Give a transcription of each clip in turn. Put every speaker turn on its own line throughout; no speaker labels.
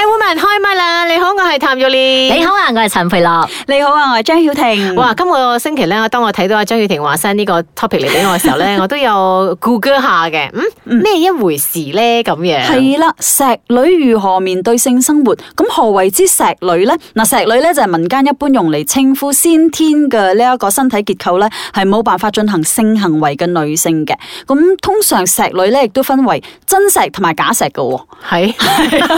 Iwoman 開麥啦！Hey、woman, Ma, 你好，我係譚玉蓮。你好啊，我係陳肥樂。你好啊，我係張曉婷。哇，今個星期咧，當我睇到阿張曉婷話聲呢個 topic 嚟俾我嘅時候咧， 我都有 Google 下嘅。嗯，咩一回事咧？咁樣係
啦，石女如何面對性生活？咁何謂之石女咧？嗱，石女咧就係民間一般用嚟稱呼先天嘅呢一個身體結構咧，係冇辦法進行性行為嘅女性嘅。咁通常石女咧亦都分為真石同埋假石嘅。係的。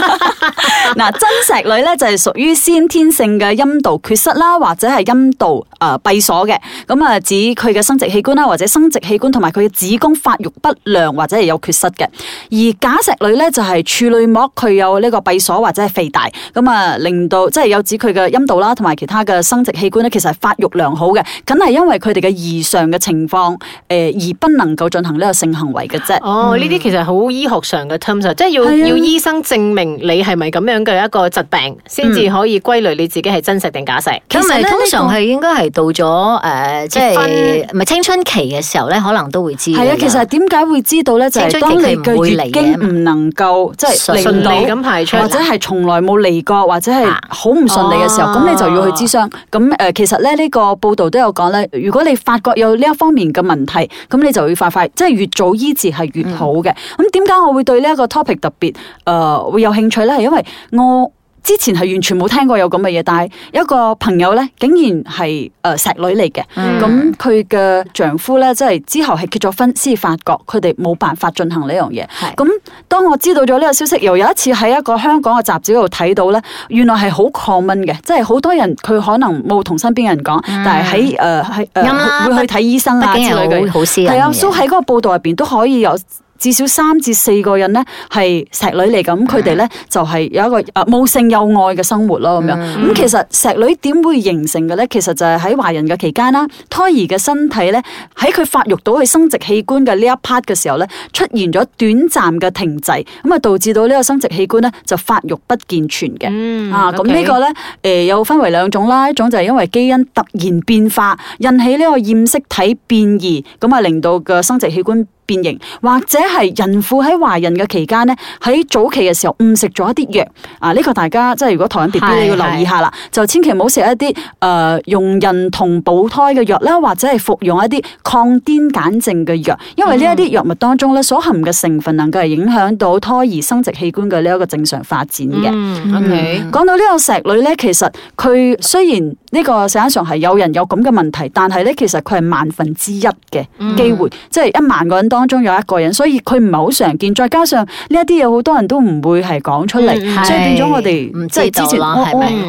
嗱， 真石女咧就係屬於先天性嘅陰道缺失啦，或者係陰道誒閉鎖嘅，咁啊指佢嘅生殖器官啦，或者生殖器官同埋佢嘅子宮發育不良或者係有缺失嘅。而假石女咧就係處女膜佢有呢個閉鎖或者係肥大，咁啊令到即係有指佢嘅陰道啦，同埋其他嘅生殖器官咧，其實係發育良好嘅，梗係因為佢哋嘅異常嘅情況誒而不能夠進行
呢個性行為嘅啫。哦，呢啲其實好醫學上嘅 terms，即係要、啊、要醫生證明你係咪咁。咁樣嘅一個疾病，先至可以歸類你自己係真石定假石。其實通常係
應該係到咗誒即係唔係青春期嘅時候咧，可能都會知。係啊，其實
點解會知道咧？就係、是、當你嘅月經唔
能夠即係順利咁排出，或者係
從來冇嚟過，或者係好唔順利嘅時候，咁、啊、你就要去諮詢。咁誒、呃，其實咧呢、這個報道都有講咧，如果你發覺有呢一方面嘅問題，咁你就會快快即係越早醫治係越好嘅。咁點解我會對呢一個 topic 特別誒、呃、會有興趣咧？係因為我之前係完全冇聽過有咁嘅嘢，但係一個朋友咧，竟然係誒、呃、石女嚟嘅。咁佢嘅丈夫咧，即、就、係、是、之後係結咗婚，先發覺佢哋冇辦法進行呢樣嘢。咁是當我知道咗呢個消息，又有一次喺一個香港嘅雜誌度睇到咧，原來係好 common 嘅，即係好多人佢可能冇同身邊嘅人講，嗯、但係喺誒喺會去睇醫生啊之類嘅，係啊，所以喺嗰個報道入邊都可以有。至少三至四個人咧係石女嚟咁，佢哋咧就係有一個啊無性又愛嘅生活咯咁樣。咁、嗯、其實石女點會形成嘅咧？其實就係喺懷孕嘅期間啦，胎兒嘅身體咧喺佢發育到佢生殖器官嘅呢一 part 嘅時候咧出現咗短暫嘅停滯，咁啊導致到呢個生殖器官咧就發育不健全嘅。嗯、啊，咁、嗯、呢個咧誒有分為兩種啦，一種就係因為基因突然變化引起呢個染色體變異，咁啊令到嘅生殖器官，變形或者係孕婦喺懷孕嘅期間咧，喺早期嘅時候誤食咗一啲藥啊。呢、這個大家即係如果台灣 B B，你要留意下啦，是是就千祈唔好食一啲誒、呃、用孕酮保胎嘅藥啦，或者係服用一啲抗癲癇症嘅藥，因為呢一啲藥物當中咧所含嘅成分能夠係影響到胎兒生殖器官嘅呢一個正常發展嘅。Mm hmm. 嗯，OK。講到呢個石女咧，其實佢雖然呢個世界上係有人有咁嘅問題，但係咧其實佢係萬分之一嘅機會，即係、mm hmm. 一萬個人當。當中有一個人，所以佢唔係好常見。再加上呢一啲嘢，好多人都唔會係講出嚟，所以變咗我哋
唔知。之前我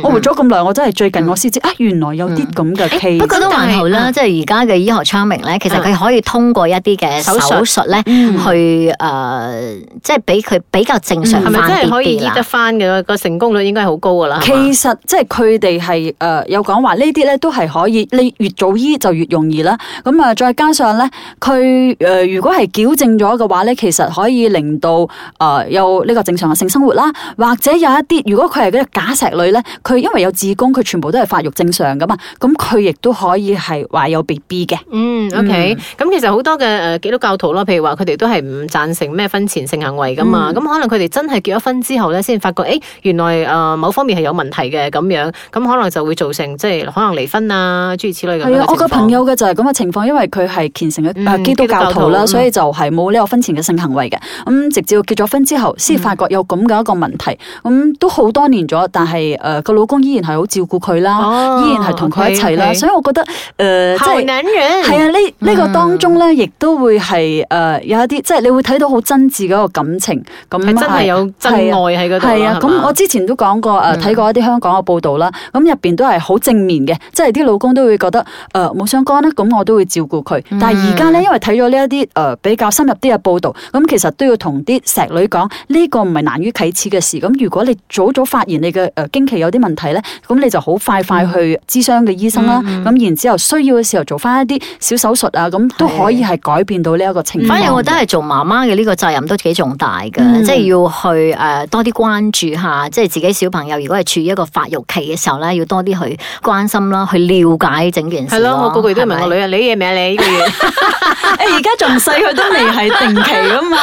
我活咗咁耐，我真係最近我先知啊，原來有啲咁嘅。不過都還好啦，即係而家嘅醫學昌明咧，其實佢可以通過一啲嘅手術咧，去誒，即係俾佢比較正常。係咪真係可以醫得
翻嘅？個成功率應該係好高㗎啦。其
實即係佢哋係誒有講話，呢啲咧都係可以，你越早醫就越容易啦。咁啊，再加上咧，佢誒如果。係矯正咗嘅話咧，其實可以令到誒、呃、有呢個正常嘅性生活啦，或者有一啲如果佢係嗰啲假石女咧，佢因為有子宮，佢全部都係發育正常噶嘛，咁佢
亦都可以係話有 B B 嘅。嗯，OK，咁、嗯、其實好多嘅誒基督教徒啦，譬如話佢哋都係唔贊成咩婚前性行為噶嘛，咁、嗯、可能佢哋真係結咗婚之後咧，先發覺誒、哎、原來誒某方面係有問題嘅咁樣，咁可能就會造成即係可能離婚啊諸如此類嘅。係啊，我個朋
友嘅就係咁嘅情況，因為佢係虔誠嘅基督教徒啦，所、嗯就係冇呢個婚前嘅性行為嘅，咁直至結咗婚之後先發覺有咁嘅一個問題，咁、嗯嗯、都好多年咗，但係誒個老公依然係好照顧佢啦，哦、依然係同佢一齊啦，是是是所以我覺得誒即係，係啊呢呢、呢個當中咧，亦都會係誒有一啲即係你會睇到好真摯嘅一個感情，咁、嗯、真係有真愛喺嗰度。係啊，咁我之前都講過誒，睇、呃、過一啲香港嘅報道啦，咁入邊都係好正面嘅，即係啲老公都會覺得誒冇相干啦。咁、呃、我都會照顧佢，但係而家咧因為睇咗呢一啲誒。呃比較深入啲嘅報道，咁其實都要同啲石女講，呢、這個唔係難於啟齒嘅事。咁如果你早早發現你嘅誒經期有啲問題咧，咁你就好快快去諮詢嘅醫生啦。咁、嗯、然之後需要嘅時候做翻一啲小手術啊，咁都可以係改變到呢一個情況、嗯。反而我覺
得係做媽媽嘅呢個責任都幾重大嘅，嗯、即係要去誒、呃、多啲關注下，即係自己小朋友如果係處於一個發育期嘅時候咧，要多啲去關心啦，去了解整件事。係咯，我個個都係問我女啊的，你嘢咩啊？你呢個嘢，而家仲
細。佢都未係定期噶嘛，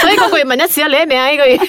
所以個月問一次啊，你啲名啊呢個月。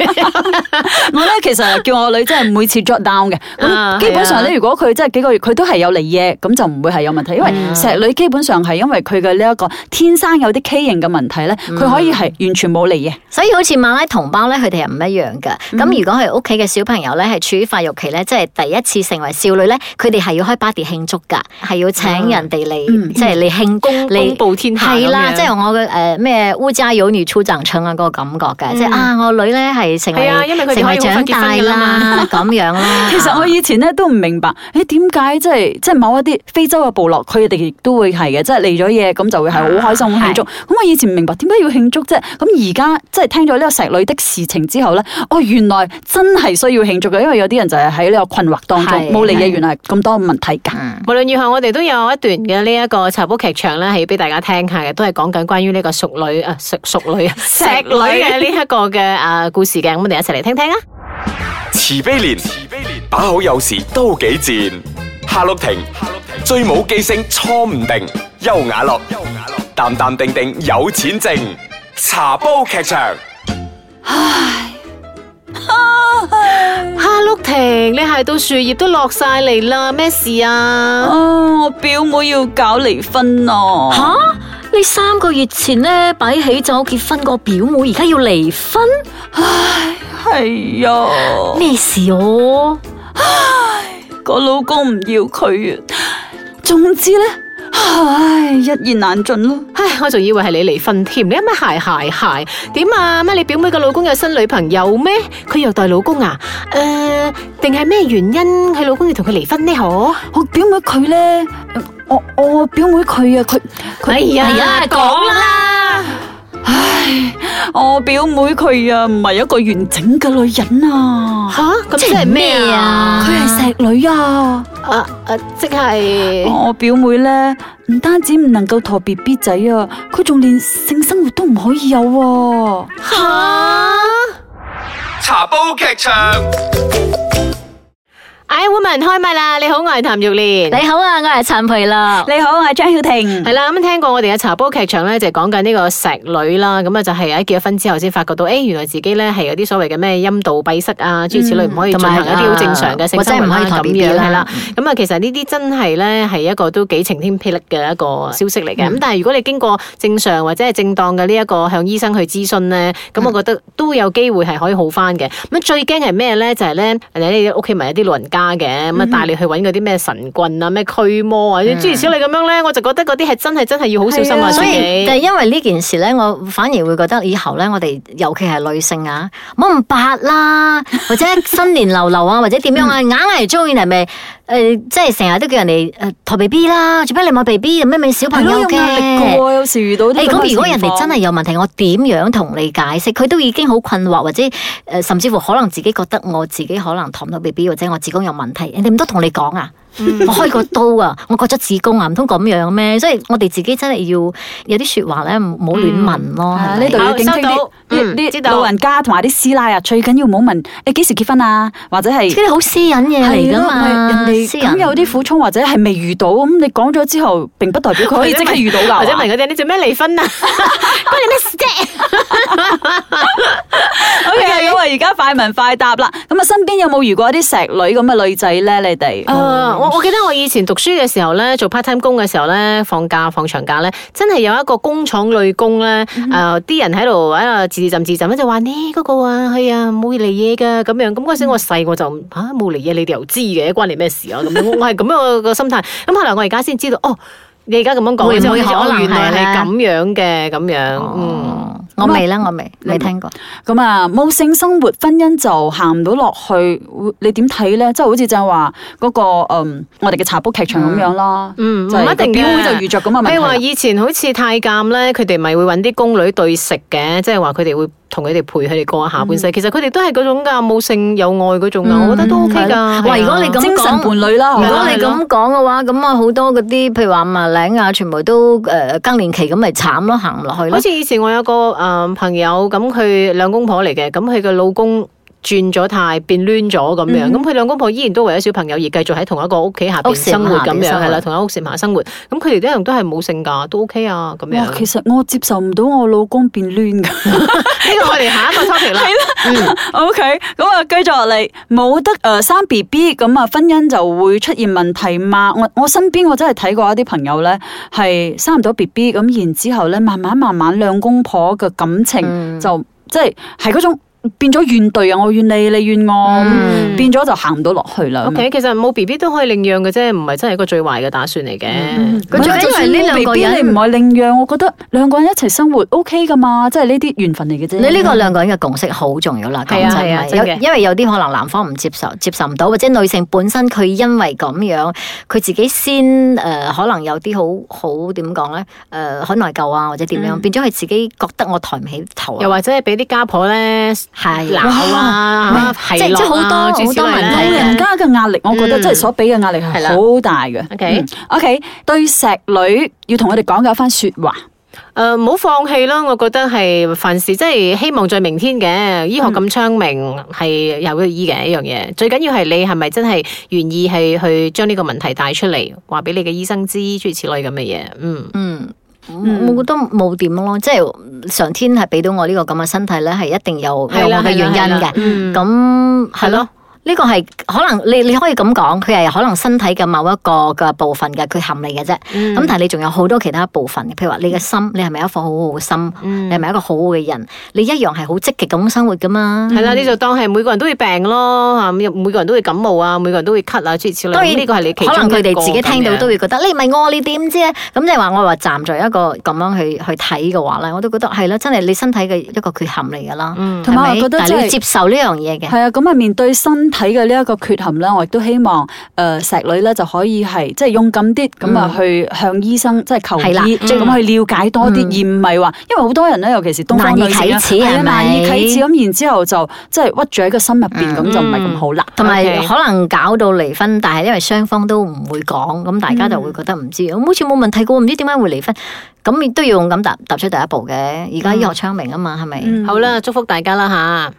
我咧
其實叫我女真係每次 drop down 嘅，基本上咧如果佢真係幾個月佢都係有嚟嘢，咁就唔會係有問題。因為石女基本上係因為佢嘅呢一個天生有啲畸形嘅問題咧，
佢可以係完全冇嚟嘅。所以好似馬拉同胞咧，佢哋係唔一樣㗎。咁如果佢屋企嘅小朋友咧係處於發育期咧，即係第一次成為少女咧，佢哋係要開 party 慶祝㗎，係要請人哋嚟，即係嚟慶功、嚟報天下。係啦，即係我嘅。誒咩烏家有女初長成啊，嗰個感覺嘅，即係、嗯、啊，我女咧係成為因為成為長大啦，咁 樣啦。 其實我以前咧都唔明白，誒點解即係即係某一啲
非洲嘅部落，佢哋亦都會係嘅，即係嚟咗嘢咁就會係好開心好、啊、慶祝。咁是我以前唔明白點解要慶祝啫？咁而家即係聽咗呢個石女的事情之後咧，哦原來真係需要慶祝嘅，因為有啲人就係喺呢個困惑當中冇嚟嘢，原來係咁多問題㗎。嗯、
無論如何，我哋都有一段嘅呢一個茶煲劇場咧，係要俾大家聽下嘅，都係講緊關於呢、這個。一個熟女啊，熟熟女、石女嘅呢一個嘅啊故事嘅，咁我哋一齊嚟聽聽啊！慈悲
蓮，慈悲蓮，把口有時都幾賤；夏綠庭，夏綠庭，最冇記性錯唔定；優雅樂，優雅樂，淡淡定定有錢剩。
茶煲劇場，
唉，夏綠庭，你係到樹葉都落晒嚟啦，咩事啊？哦，我表妹要搞離婚咯。哈？
你三個月前咧，擺喜酒結婚個表妹而家要離婚，唉，係啊，咩事哦？唉，
個老公唔要佢啊，總之呢。唉，一言難盡咯！唉，我仲以為係你離婚添，你乜鞋鞋鞋點啊？乜你表妹個老公有新女朋友咩？佢虐待老公啊？誒、呃，定係咩原因佢老公要同佢離婚呢？可我，我表妹佢咧，我我表妹佢啊，佢哎呀呀講啦，吧唉。
我表妹佢啊，唔係一個完整嘅女人啊。吓，咁即係咩啊？佢係石女啊。誒誒、啊啊，即係我表妹咧，唔單止唔能夠陀 B B 仔啊，佢仲連性生活都
唔可以有，啊。吓哈，茶煲劇場。誒，Iwoman 開嘜啦！你好，我係譚玉蓮。你好啊，我係陳培樂。你好，我係張曉婷。係啦，咁聽過我哋嘅茶煲劇場咧，就講緊呢個石女啦。咁啊，就係喺結咗婚之後先發覺到，誒，原來自己咧係有啲所謂嘅咩陰道閉塞啊，諸如此類唔可以進行一啲好正常嘅性生活啊，唔可以咁樣係啦。咁啊，其實呢啲真係咧係一個都幾晴天霹靂嘅一個消息嚟嘅。咁但係如果你經過正常或者係正當嘅呢一個向醫生去諮詢咧，咁我覺得都有機會係可以好翻嘅。咁最驚係咩咧？就係咧，或者你屋企咪有啲老人家。嘅咁啊，帶你去搵嗰啲咩神棍啊，咩驅魔啊，諸、嗯、如此類咁
樣咧，我就覺得嗰啲係真係真係要好小心啊！啊紀所以，就是、因為呢件事咧，我反而會覺得以後咧，我哋尤其係女性啊，冇咁白啦， 或者新年流流啊，或者點樣啊，硬係中意係咪？誒、呃，即係成日都叫人哋誒，台 B B 啦，做乜你冇 B B？有咩未小朋友嘅？有壓力過，有時遇到啲咁。欸、如果人哋真係有問題，我點樣同你解釋？佢都已經好困惑，或者誒、呃，甚至乎可能自己覺得我自己可能抬唔到 B B，或者我子宮有問題，人哋唔都同你講啊？我開個刀啊！我割咗子宮癌唔通咁樣咩？所以我哋自己真係要有啲說話咧，唔好亂問咯。係咪？呢度要到啲啲老人家同埋啲師奶啊，最緊要唔好問你幾時結婚
啊，或者係呢啲好私隱嘢嚟噶嘛？人哋咁有啲苦衷或者係未遇到咁，你講咗之後，並不代表佢可以即刻遇到噶。或者問佢
哋：「你做咩離婚啊？關你咩 s t
事啫？好嘅，咁啊，而家快問快答啦。咁啊，
身邊有冇遇過一啲石女咁嘅女仔咧？你哋我我記得我以前讀書嘅時候咧，做 part time 工嘅時候咧，放假放長假咧，真係有一個工廠女工咧，誒、嗯哼，啲、呃、人喺度喺度自浸自浸，就這個、我就話呢嗰個啊，係啊，冇嚟嘢噶，咁樣，咁嗰時我細個就吓冇嚟嘢，你哋又知嘅，關你咩事啊？咁 樣，我係咁樣個心態，咁後來我而家先知道，哦，你而家咁樣講，就意思，原來係咁樣嘅，咁樣，嗯。
我未啦，我未未聽過。咁啊、嗯，無性生活婚姻就行唔到落去，你點睇呢？即係好似就係話嗰個、嗯、我哋嘅茶煲劇場咁樣啦。
唔一定表會就遇着咁嘅問題。譬如話以前好似太監呢，佢哋咪會搵啲宮女對食嘅，即係話佢哋會。同佢哋陪佢哋過下半世，嗯、其實佢哋都係嗰種噶，冇性有愛嗰種噶，嗯、我覺得都 OK 噶。哇、嗯的，如果你咁精神伴侶啦。如果你咁
講嘅話，咁啊好多嗰啲，譬如話五廿零啊，全部都誒、呃、更年期咁，咪慘咯，行唔落去咯。好似以前我有
個誒、呃、朋友，咁佢兩公婆嚟嘅，咁佢個老公。轉咗態，態變攣咗咁樣，咁佢兩公婆依然都為咗小朋友而繼續喺同，同一個屋企下邊生活咁樣，係啦，同一屋簷下生活。咁佢哋一樣都係冇性噶，都 OK 啊咁樣。其實我接受唔到我老公變攣噶，呢個我哋下一個 topic
啦。係啦 了、嗯、，OK。咁啊，繼續落嚟。冇得誒生 BB，咁啊婚姻就會出現問題嘛。我我身邊我真係睇過一啲朋友咧，係生唔到 BB，咁然之後咧，慢慢慢慢兩公婆嘅感情、嗯、就即係係嗰種。變咗怨懟啊！我怨你，你怨我，嗯、
變咗就行唔到落去啦。O、okay, K，其實冇 B B 都可以領養嘅啫，唔係真係一個最壞嘅打算嚟嘅。唔係、嗯，就算呢兩個人寶寶你唔
係領養，我覺得兩個人一齊生活 O K 噶嘛，
即係呢啲緣分嚟嘅啫。你呢個兩個人嘅共識好重要啦，係啊，真，啊真。因為有啲可能男方唔接受，接受唔到，或者女性本身佢因為咁樣，佢自己先誒、呃、可能有啲好好點講咧誒，好內、呃、疚啊，或者點樣，嗯、變咗佢自己覺得我抬唔起頭。又
或者係俾啲家婆咧。係，哇！即即好
多好多老人家
嘅壓力，嗯、我覺得即係所俾嘅壓力係好大嘅。OK，OK，
對石女要同我哋講嘅一番說話，誒、呃，唔好放棄啦！我覺得係凡事即係希望在明天嘅醫學咁昌明，係、嗯、有得醫嘅一樣嘢。最緊要係你係咪真係願意係去將呢個問題帶出嚟，話俾你嘅醫生知，諸如此類咁嘅嘢。嗯嗯。
我我覺得冇點咯，即係上天係俾到我呢個咁嘅身體呢，係一定有啦有我嘅原因嘅，咁係咯。那啦呢個係可能你你可以咁講，佢係可能身體嘅某一個嘅部分嘅缺陷嚟嘅啫。咁但係你仲有好多其他部分嘅，譬如話你嘅心，你係咪一顆好好嘅心？你係咪一個好好嘅人？你一樣係好積極咁生活噶嘛？係啦，你就
當係每個人都會病咯，
每個人都會感冒啊，每個人都會咳啊，諸如此類。呢個係你其中一個。可能佢哋自己聽到都會覺得你唔係我，你點知咧？咁你話我話站在一個咁樣去去睇嘅話咧，我都覺得係啦，真係你身體嘅一個缺陷嚟㗎啦。同埋我覺得你要接受呢樣嘢嘅。係啊，咁啊面對
身，睇嘅呢一個缺陷咧，我亦都希望誒，石女咧就可以係即係勇敢啲，咁啊去向醫生即係求醫，即係咁去了解多啲，嗯、而唔係話，因為好多人咧，尤其是東方女人，難以啟齒，係咪嗎？難以啟齒咁，然之後就即係屈住喺個心入邊，咁、嗯、就唔係咁好啦。同埋、嗯、okay? 可能
搞到離婚，但係因為雙方都唔會講，咁大家就會覺得唔知，嗯、好似冇問題過，我唔知點解會離婚，咁亦都要咁踏踏出第一步嘅。而家醫學昌明啊嘛，係咪？嗯、好
啦，祝福大家啦吓！啊